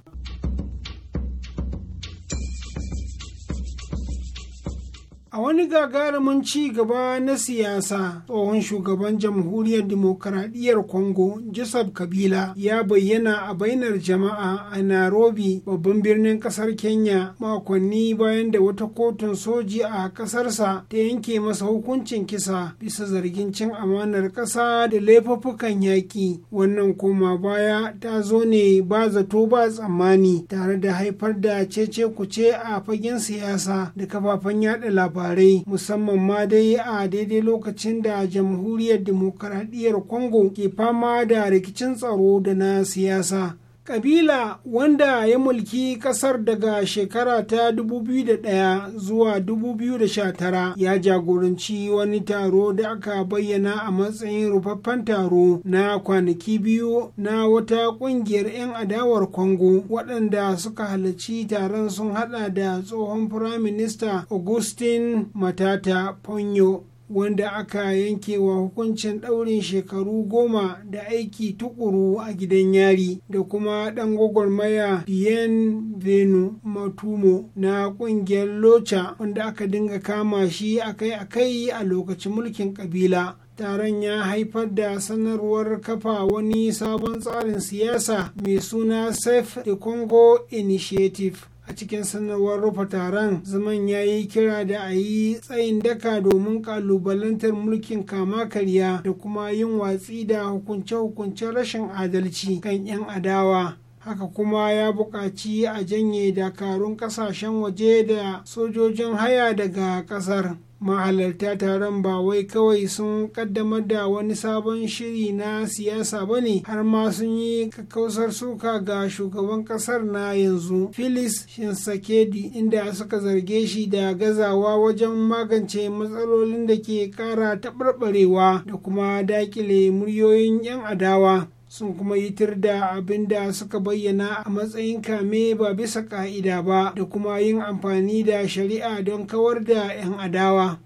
a wani gagarumin ci gaba na siyasa tsohon shugaban jamhuriyar demokaradiyyar congo joseph kabila ya bayyana a bainar jama'a a nairobi babban birnin kasar kenya makonni bayan da wata kotun soji a kasarsa ta yanke masa hukuncin kisa bisa zargin cin amanar kasa da laifuffukan yaƙi wannan koma baya ta zo ne ba zato ba tsammani tare da haifar da cece kuce a fagen siyasa da kafafen yada labarai labarai musamman ma dai a daidai lokacin da jamhuriyar demokaradiyyar Kongo ke fama da rikicin tsaro da na siyasa kabila wanda ya mulki kasar daga shekara ta 2001 zuwa 2019 ya jagoranci wani taro da aka bayyana a matsayin rufaffen taro na kwanaki biyu na wata kungiyar 'yan adawar congo waɗanda suka halarci taron sun hada da tsohon firaminista augustin matata ponyo wanda aka yanke wa hukuncin ɗaurin shekaru goma da aiki tukuru a gidan yari da kuma ɗan gwagwarmaya bien venu matumo na ƙungiyar locha wanda aka dinga kama shi akai-akai a lokacin mulkin ƙabila taron ya haifar da sanarwar kafa wani sabon tsarin siyasa mai suna safe the congo initiative a cikin sanarwar rufe taron zaman ya yi kira da a yi tsayin daka domin kalubalantar mulkin kama karya da kuma yin watsi da hukunce-hukuncen rashin adalci kan 'yan adawa haka kuma ya buƙaci a janye dakarun ƙasashen waje da sojojin haya daga ƙasar mahalarta taron ba wai kawai sun kaddamar da wani sabon shiri na siyasa ba ne har ma sun yi kakkausar suka ga shugaban kasar na yanzu phyllis shinsakedi inda suka zarge shi da gazawa wajen magance matsalolin da ke kara taɓarɓarewa da kuma daƙile muryoyin 'yan adawa sun kuma yi yitar da abin da suka bayyana a matsayin kame ba bisa ka'ida ba da kuma yin amfani da shari'a don kawar da 'yan adawa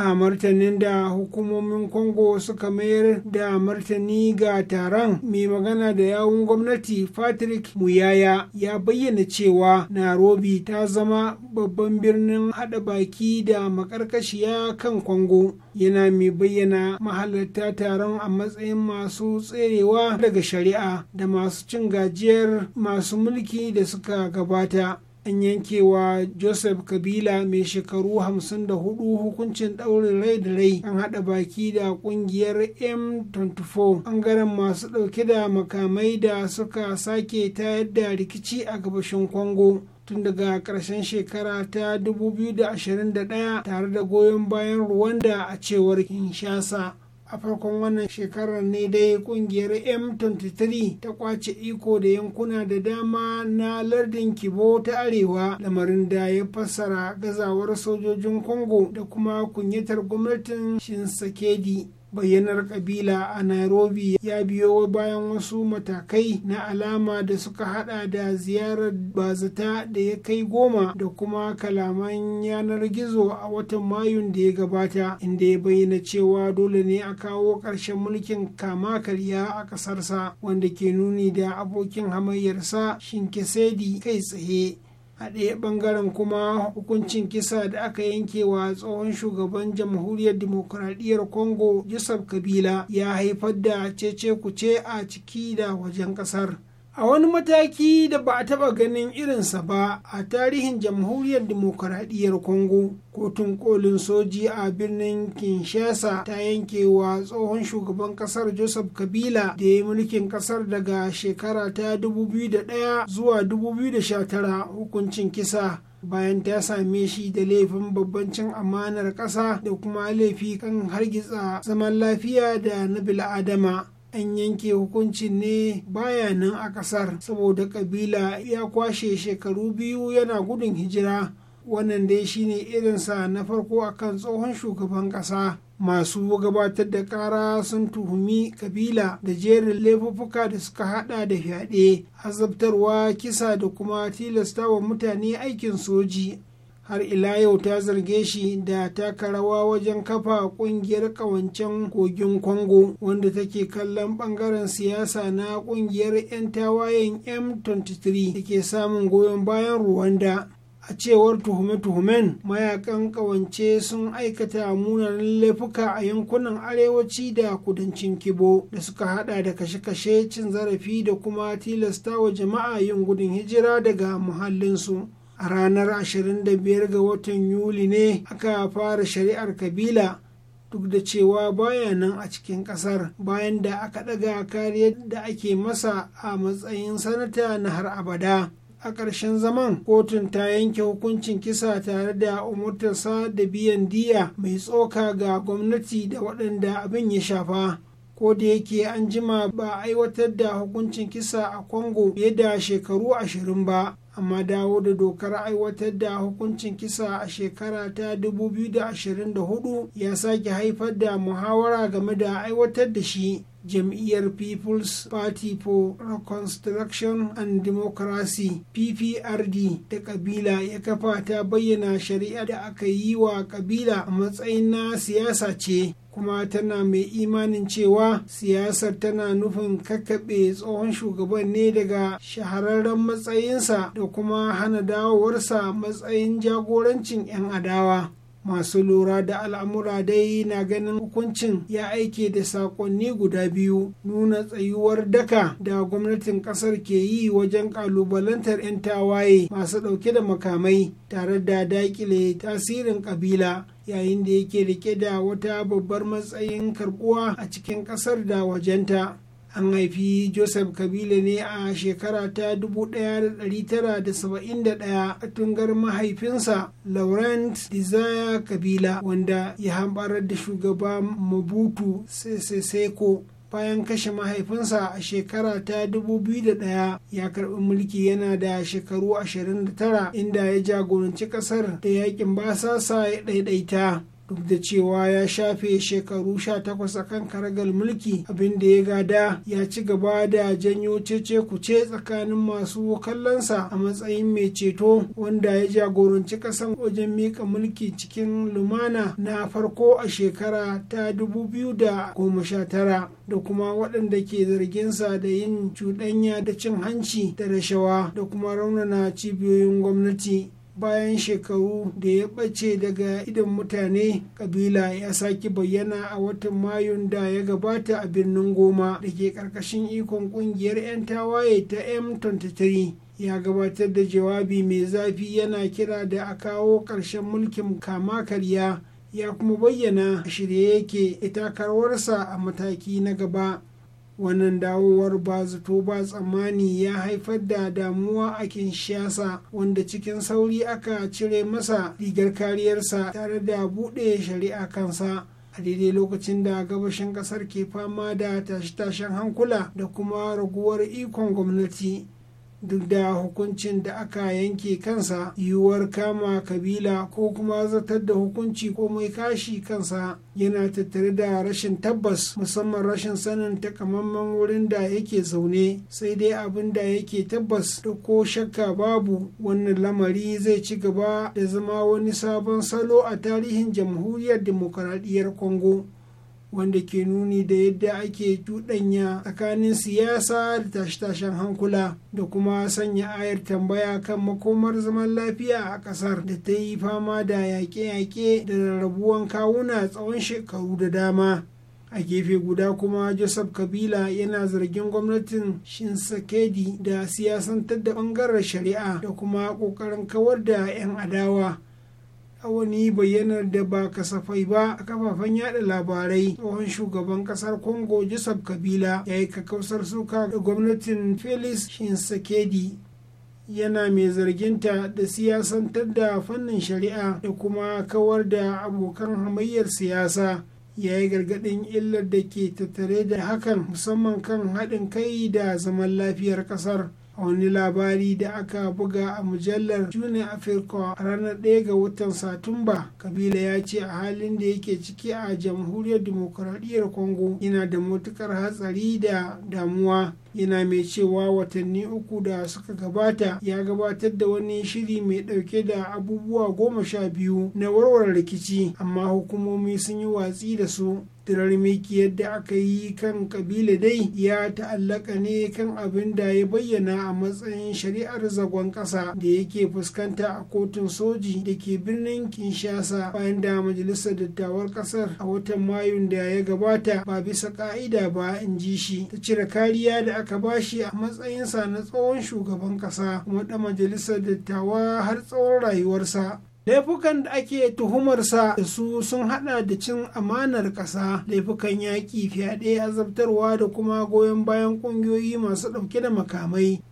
a martanin da hukumomin congo suka mayar da martani ga taron mai magana da yawun gwamnati patrick muyaya ya bayyana cewa nairobi ta zama babban birnin haɗa baki da makarkashiya kan congo yana mai bayyana mahalarta taron a matsayin masu tserewa daga shari'a da masu cin gajiyar masu mulki da suka gabata an yankewa joseph kabila mai shekaru 54 hukuncin ɗaurin rai da rai an haɗa baki da ƙungiyar m24 ɓangaren masu ɗauke da makamai da suka sake tayar da rikici a gabashin congo tun daga ƙarshen shekara ta 2021 tare da goyon bayan ruwanda a cewar kinshasa a farkon wannan shekarar ne dai kungiyar m23 ta kwace iko da yankuna da dama na lardin kibo ta arewa lamarin da ya fassara gazawar sojojin congo da kuma kunyatar gwamnatin shinsakedi bayyanar kabila a nairobi ya biyo bayan wasu matakai na alama da suka hada da ziyarar bazata da ya kai goma da kuma kalaman yanar gizo a watan mayun da ya gabata inda ya bayyana cewa dole ne a kawo ƙarshen mulkin kama karya a ƙasarsa wanda ke nuni da abokin hamayyarsa shinkesedi kai tsaye a ɗaya ɓangaren kuma hukuncin kisa da aka yanke wa tsohon shugaban jamhuriyar demokuraɗiyyar congo joseph kabila ya haifar da cece kuce a ciki da wajen ƙasar a wani mataki da ba a taɓa ganin irinsa ba a tarihin jamhuriyar demokaradiyyar congo kotun kolin soji a birnin kinshasa ta yankewa tsohon shugaban kasar joseph kabila da ya yi mulkin kasar daga shekara ta 2001 zuwa 2019 hukuncin kisa bayan ta same shi da laifin babban amanar ƙasa da kuma laifi kan hargitsa zaman lafiya da na bil'adama an yanke hukuncin ne baya a kasar saboda kabila ya kwashe shekaru biyu yana gudun hijira wannan dai shine irinsa na farko akan tsohon shugaban kasa masu gabatar da kara sun tuhumi kabila da jerin laifuffuka da suka hada da fyaɗe azabtarwa kisa da kuma tilasta wa mutane aikin soji har ila yau ta zarge shi da taka rawa wajen kafa kungiyar kawancen kogin kwango wanda take kallon bangaren siyasa na kungiyar 'yan tawayen m23 da ke samun goyon bayan ruwanda a cewar tuhume-tuhumen mayakan kawance sun aikata munanan laifuka a yankunan arewaci da kudancin kibo da suka hada da kashe-kashe cin zarafi da kuma tilasta wa jama'a yin gudun hijira daga muhallinsu a ranar 25 ga watan yuli ne aka fara shari'ar kabila duk da cewa baya nan a cikin kasar bayan da aka ɗaga kariyar da ake masa a matsayin sanata na har abada a ƙarshen zaman kotun ta yanke hukuncin kisa tare da umurtarsa da biyan diya mai tsoka ga gwamnati da waɗanda abin ya shafa ko da yake an jima ba aiwatar da hukuncin kisa a congo fiye da shekaru ashirin ba amma dawo da dokar aiwatar da hukuncin kisa a shekara ta 2024 ya sake haifar da muhawara game da aiwatar da shi jam'iyyar people's party for reconstruction and democracy pprd da kabila ya kafa ta bayyana shari'a da aka yi wa kabila a matsayin na siyasa ce kuma tana mai imanin cewa siyasar tana nufin kakkaɓe tsohon shugaban ne daga shahararren matsayinsa da kuma hana dawowarsa matsayin jagorancin 'yan adawa masu lura da al'amura dai na ganin hukuncin ya aike da sakonni guda biyu nuna tsayuwar daka da gwamnatin kasar ke yi wajen kalubalantar 'yan tawaye masu ɗauke da makamai tare da dakile tasirin kabila yayin da yake rike da wata babbar matsayin karbuwa a cikin kasar da wajenta an haifi joseph kabila ne a shekara ta 1971 a tungar mahaifinsa laurent desire kabila wanda ya hambarar da shugaba mobutu seseko bayan kashe mahaifinsa a shekara ta 2001 ya karbi mulki yana da shekaru 29 inda ya jagoranci ƙasar da yakin basasa ya ɗaiɗaita duk da cewa ya shafe shekaru sha takwas a kan karagar mulki abin da ya gada ya ci gaba da janyo cece kuce tsakanin masu kallonsa a matsayin mai ceto wanda ya jagoranci kasan wajen mika mulki cikin lumana na farko a shekara ta 2019 da kuma waɗanda ke zarginsa da yin cuɗanya da cin hanci da rashawa da kuma raunana cibiyoyin gwamnati bayan shekaru da ya ɓace daga idan mutane kabila ya sake bayyana a watan mayun da ya gabata a birnin goma da ke ƙarƙashin ikon ƙungiyar 'yan tawaye ta m23 ya gabatar da jawabi mai zafi yana kira da a kawo ƙarshen mulkin kama karya ya kuma bayyana shirye yake itakarwarsa a mataki na gaba wannan dawowar ba zato ba tsammani ya haifar da damuwa a kinshasa wanda cikin sauri aka cire masa rigar kariyarsa tare da buɗe shari'a kansa a daidai lokacin da gabashin ƙasar ke fama da tashe-tashen hankula da kuma raguwar ikon gwamnati duk da hukuncin da aka yanke kansa yiwuwar kama kabila ko kuma zartar da hukunci ko mai kashi kansa yana tattare da rashin tabbas musamman rashin sanin takamaiman wurin da yake zaune sai dai abin da yake tabbas da ko shakka babu wannan lamari zai ci gaba da zama wani sabon salo a tarihin jamhuriyar dimokuraɗiyyar Kongo. wanda ke nuni da yadda ake cuɗanya tsakanin siyasa da tashe-tashen hankula da kuma sanya ayar tambaya kan makomar zaman lafiya a ƙasar da ta yi fama da yaƙe-yaƙe da rarrabuwan kawuna tsawon shekaru da dama a gefe guda kuma joseph kabila yana zargin gwamnatin shinsakedi da siyasantar da ɓangaren shari'a da kuma ƙoƙarin kawar da 'yan adawa a wani bayyanar da ba kasafai ba a kafafen yada labarai tsohon shugaban kasar congo joseph kabila ya yi kakausar suka da gwamnatin felix shinsakedi yana mai zarginta da siyasantar da fannin shari'a da kuma kawar da abokan hamayyar siyasa ya yi gargaɗin illar da ke tattare da hakan musamman kan haɗin kai da zaman lafiyar ƙasar a wani labari da aka buga a mujallar june afirka a ranar 1 ga watan satumba kabila ya ce a halin da yake ciki a jamhuriyar demokuraɗiyyar congo yana da matukar hatsari da damuwa yana mai cewa watanni uku da suka gabata ya gabatar da wani shiri mai ɗauke da abubuwa goma sha biyu na warware rikici amma hukumomi sun yi watsi da su tirarmiki yadda aka yi kan kabila dai ya ta'allaka ne kan abin da ya bayyana a matsayin shari'ar zagon ƙasa da yake fuskanta a kotun soji da ke birnin kinshasa bayan da majalisar dattawar ƙasar a watan mayun da ya gabata ba bisa ka'ida ba in ji shi ta cire kariya da aka bashi a matsayinsa na tsohon shugaban ƙasa kuma da majalisar dattawa har tsawon rayuwarsa laifukan da ake tuhumarsa da su sun hada da cin amanar ƙasa laifukan yaƙi fyaɗe azabtarwa da kuma goyon bayan ƙungiyoyi masu ɗauke da makamai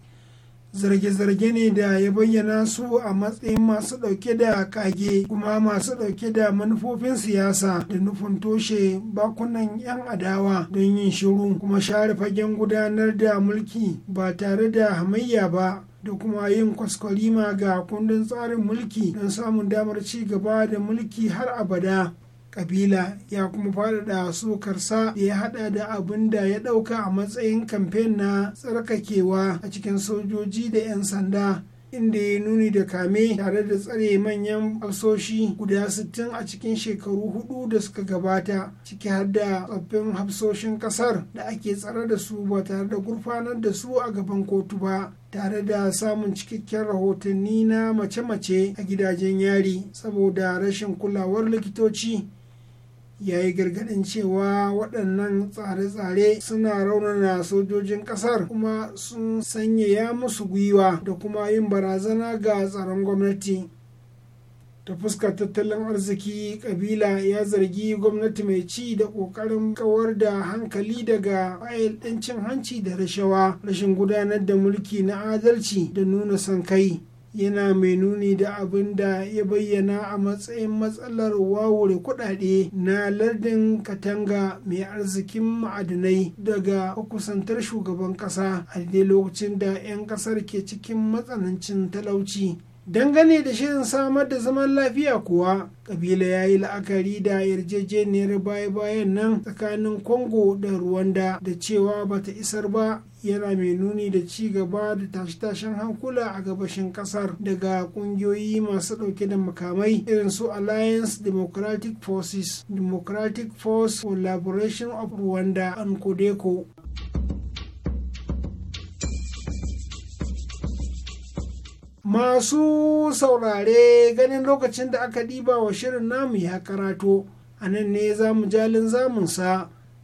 zarge-zarge ne da ya bayyana su a matsayin masu ɗauke da kage kuma masu ɗauke da manufofin siyasa da nufin toshe bakunan 'yan adawa don yin shiru kuma share fagen gudanar da mulki ba tare da hamayya ba da kuma yin kwaskwalima ga kundin tsarin mulki don samun damar ci gaba da mulki har abada kabila ya kuma faɗaɗa sokarsa da ya haɗa da abin da ya ɗauka a matsayin kamfen na tsarkakewa a cikin sojoji da 'yan sanda inda ya nuni da kame tare da tsare manyan hafsoshi guda 60 a cikin shekaru hudu da suka gabata ciki har da tsoffin hafsoshin kasar da ake tsare da su ba tare da gurfanar da su a gaban kotu ba tare da samun cikakken rahotanni na mace-mace a gidajen yari saboda rashin kulawar likitoci ya yi gargaɗin cewa waɗannan tsare-tsare suna raunana sojojin ƙasar kuma sun sanyaya musu gwiwa da kuma yin barazana ga tsaron gwamnati ta fuskar tattalin arziki kabila ya zargi gwamnati mai ci da ƙoƙarin kawar da hankali daga fayil ɗin cin hanci da rashawa rashin gudanar da mulki na adalci da nuna son kai yana mai nuni da abin da ya bayyana a matsayin matsalar wawure kudade na lardin katanga mai arzikin ma'adinai daga kusantar shugaban kasa a daidai lokacin da 'yan kasar ke cikin matsanancin talauci dangane da shirin samar da zaman lafiya kuwa kabila ya yi la'akari da yarjejeniyar baya-bayan nan tsakanin congo da rwanda da cewa bata isar ba yana mai nuni da ci gaba da tashe-tashen hankula a gabashin kasar daga kungiyoyi masu dauke da makamai irin su alliance democratic forces democratic force collaboration of rwanda and codeco masu saurare ganin lokacin da aka diba wa shirin namu ya karato a nan ne zamu jalin zamunsa